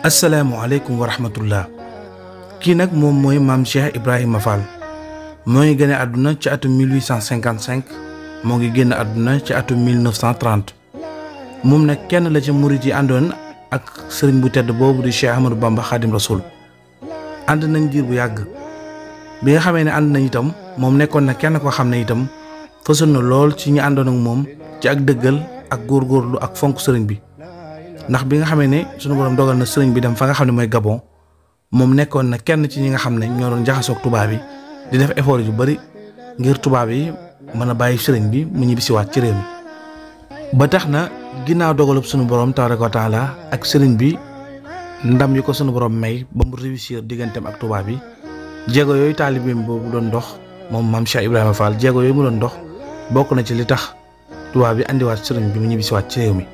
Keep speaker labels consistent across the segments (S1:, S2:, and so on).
S1: Assalamualaikum warahmatullah. rahmatullah nak mom moy mooy maam Cheikh ibrahim Fall moy gëné aduna ci atum 1855 mo ngi génn aduna ci atum 1930 Mom nak kenn la ci mouride yi andon ak serigne bu tedd bobu di Cheikh Ahmadou Bamba Khadim Rasoul and nañ dir bu yàgg bi nga xamé ne and nañ itam mom nekkoon na kenn ko xamné itam fësal na lool ci ñi andon ak mom ci ak dëggal ak góorgóorlu ak fonk serigne bi ndax bi nga xamee ne sunu borom dogal na sëriñ bi dem fa nga xam ne mooy Gabon moom nekkoon na kenn ci ñi nga xam ne ñoo doon jaxasoog tubaab yi di def effort yu bari ngir tubaab yi mën a bàyyi sëriñ bi mu ñibbisiwaat ci réew mi ba tax na ginnaaw dogalub sunu borom tabaraka ak sëriñ bi ndam yi ko sunu borom may ba mu réussir ak tubaab yi jéego yooyu taalibeem boobu doon dox moom maam Cheikh Ibrahima Fall jéego yooyu mu doon dox bokk na ci li tax tubaab yi andiwaat sëriñ bi mu ñibbisiwaat ci réew mi.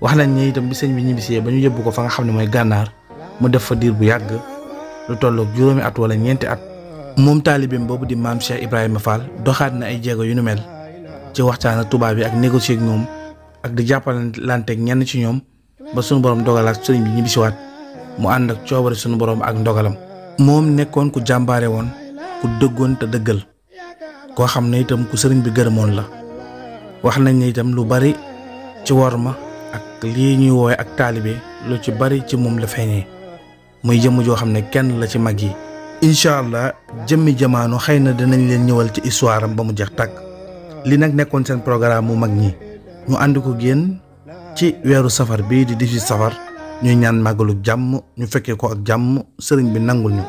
S1: wax nañ ni itam bi sëñ bi ñibbisee ba ñu yóbbu ko fa nga xam ne mooy gànnaar mu def fa diir bu yàgg lu tolloog juróomi at wala ñeenti at. moom taalibeem boobu di maam Cheikh Ibrahima Fall doxaat na ay jéego yu nu mel ci waxtaan ak tubaab yi ak négocier ak ñoom ak di jàppalanteeg ñenn ci ñoom ba sunu borom dogalaat sëriñ bi ñibbisiwaat mu ànd ak coobare sunu boroom ak ndogalam. moom nekkoon ku jàmbaare woon ku dëggoon te dëggal koo xam ne itam ku sëriñ bi gërëmoon la wax nañ ne itam lu bari ci wor ma ak lii ñuy woowe ak taalibe lu ci bari ci moom la feeñee muy jëmm joo xam ne kenn la ci mag yi incha jëmmi jamaano xëy na dinañ leen ñëwal ci histoire ba mu jeex tàkk li nag nekkoon seen programme mu mag ñi ñu ànd ko génn ci weeru safar bi di 18 safar ñuy ñaan màggalu jàmm ñu fekkee ko ak jàmm sëriñ bi nangul ñu